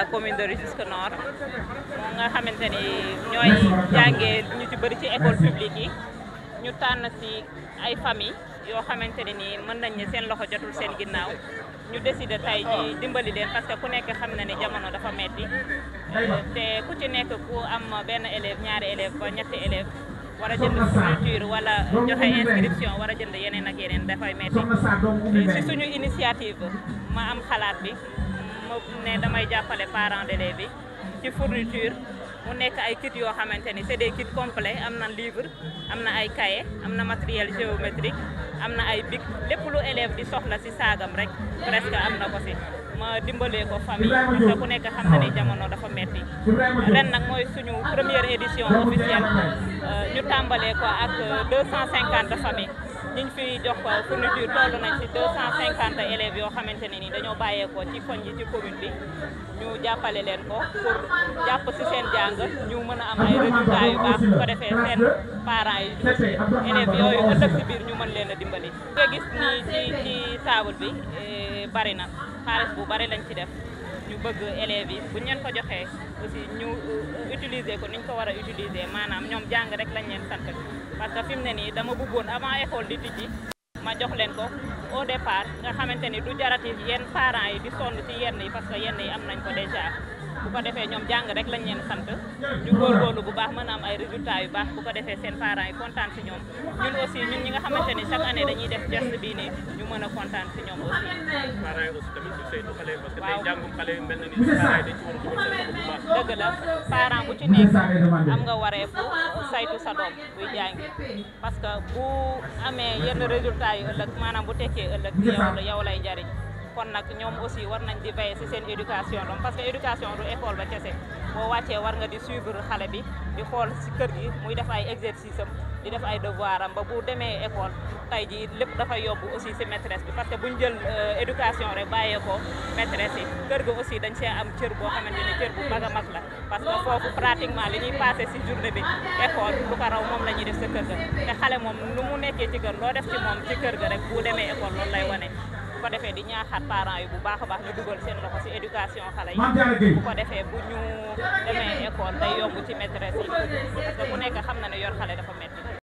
la commune de Rufisque Nord moo nga xamante ni ñooy jàngee ñu ci bëri ci école publique yi ñu tànn si ay famille yoo xamante ne nii mën nañ ne seen loxo jotul seen ginnaaw ñu décidé tey ji dimbali leen parce que ku nekk xam na ni jamono dafa metti te ku ci nekk ku am benn élève ñaari élève ba ñetti élève war a jënd structure wala joxe inscription war jënd yeneen ak yeneen dafay metti si suñu initiative ma am xalaat bi ma ne damay jàppale parents d'élèves bi ci fourniture mu nekk ay kit yoo xamante ni c'est des kits complets am na livre am na ay cahier am na matériel géométrique am na ay bic lépp lu élève di soxla ci saagam rek presque am na ko ci ma dimbalee ko famille parce que ku nekk xam na ni ah. jamono dafa metti ren nag mooy suñu première édition officielle euh, ñu tàmbalee ko ak 250 euh, ñu ngi fiy jox euh, fourniture toll nañ si deux cent cinquante élèves yoo xamante ni ni dañoo bàyyeekoo ci koñ yi ci commune bi ñu jàppale leen ko jàpp si seen jàng ñu mën a am ay résultats baax ko defee seen parents yi dugg ci a yooyu si biir ñu mën leen a dimbali. nga gis ni ci ci table bi eh, bari na xaalis bu bari lañ ci def. ñu bëgg élèves yi buñ leen ko joxee aussi ñu euh, utiliser ko ni ko war a utiliser maanaam ñoom jàng rek lañ leen sant parce que fi mu ne nii dama bëggoon avant école di tijji ma jox leen ko au départ nga xamante ni du jarati yenn parents yi di sonn ci yenn yi parce que yenn yi am nañ ko déjà bu ko defee ñoom jàng rek lañ leen sant ñu góorgóorlu bu baax mën a am ay résultat yu baax bu ko defee seen parents yi kontaan si ñoom ñun aussi ñun ñi nga xamante ni chaque année dañuy def geste bii nii ñu mën a kontaan si ñoom aussi. parents yi aussi tamit ñu mel na ni parents yi dañ ci war parent bu ci nekk am nga wareefu saytu sa doom buy parce que bu amee yenn résultats yu ëllëg maanaam bu tekkee ëllëg yow yow lay njariñ kon nag ñoom aussi war nañ di veiller ci seen éducation doom parce que éducation du école ba kese boo wàccee war nga di suivre xale bi di xool ci kër gi muy def ay exercice am di def ay devoir am ba bu demee école tey jii lépp dafa yóbbu aussi ci maîtresse bi parce que buñ jël euh, éducation rek bàyyee ko maîtresse yi kër ga aussi dañ see am cër boo xamante ne cër bu mag a mag la parce que foofu pratiquement li ñuy passé ci journée bi école lu ko raw moom la ñuy def xale moom nu mu nekkee ci kër def ci kër ga rek bu demee école loolu lay wane bu ko defee di ñaaxaat parents yi bu baax a baax ñu dugal seen loxo ci éducation xale yi bu ko defee bu ñu demee école day yomb ci maîtresse yi parce que nekk xam na ne yor xale dafa metti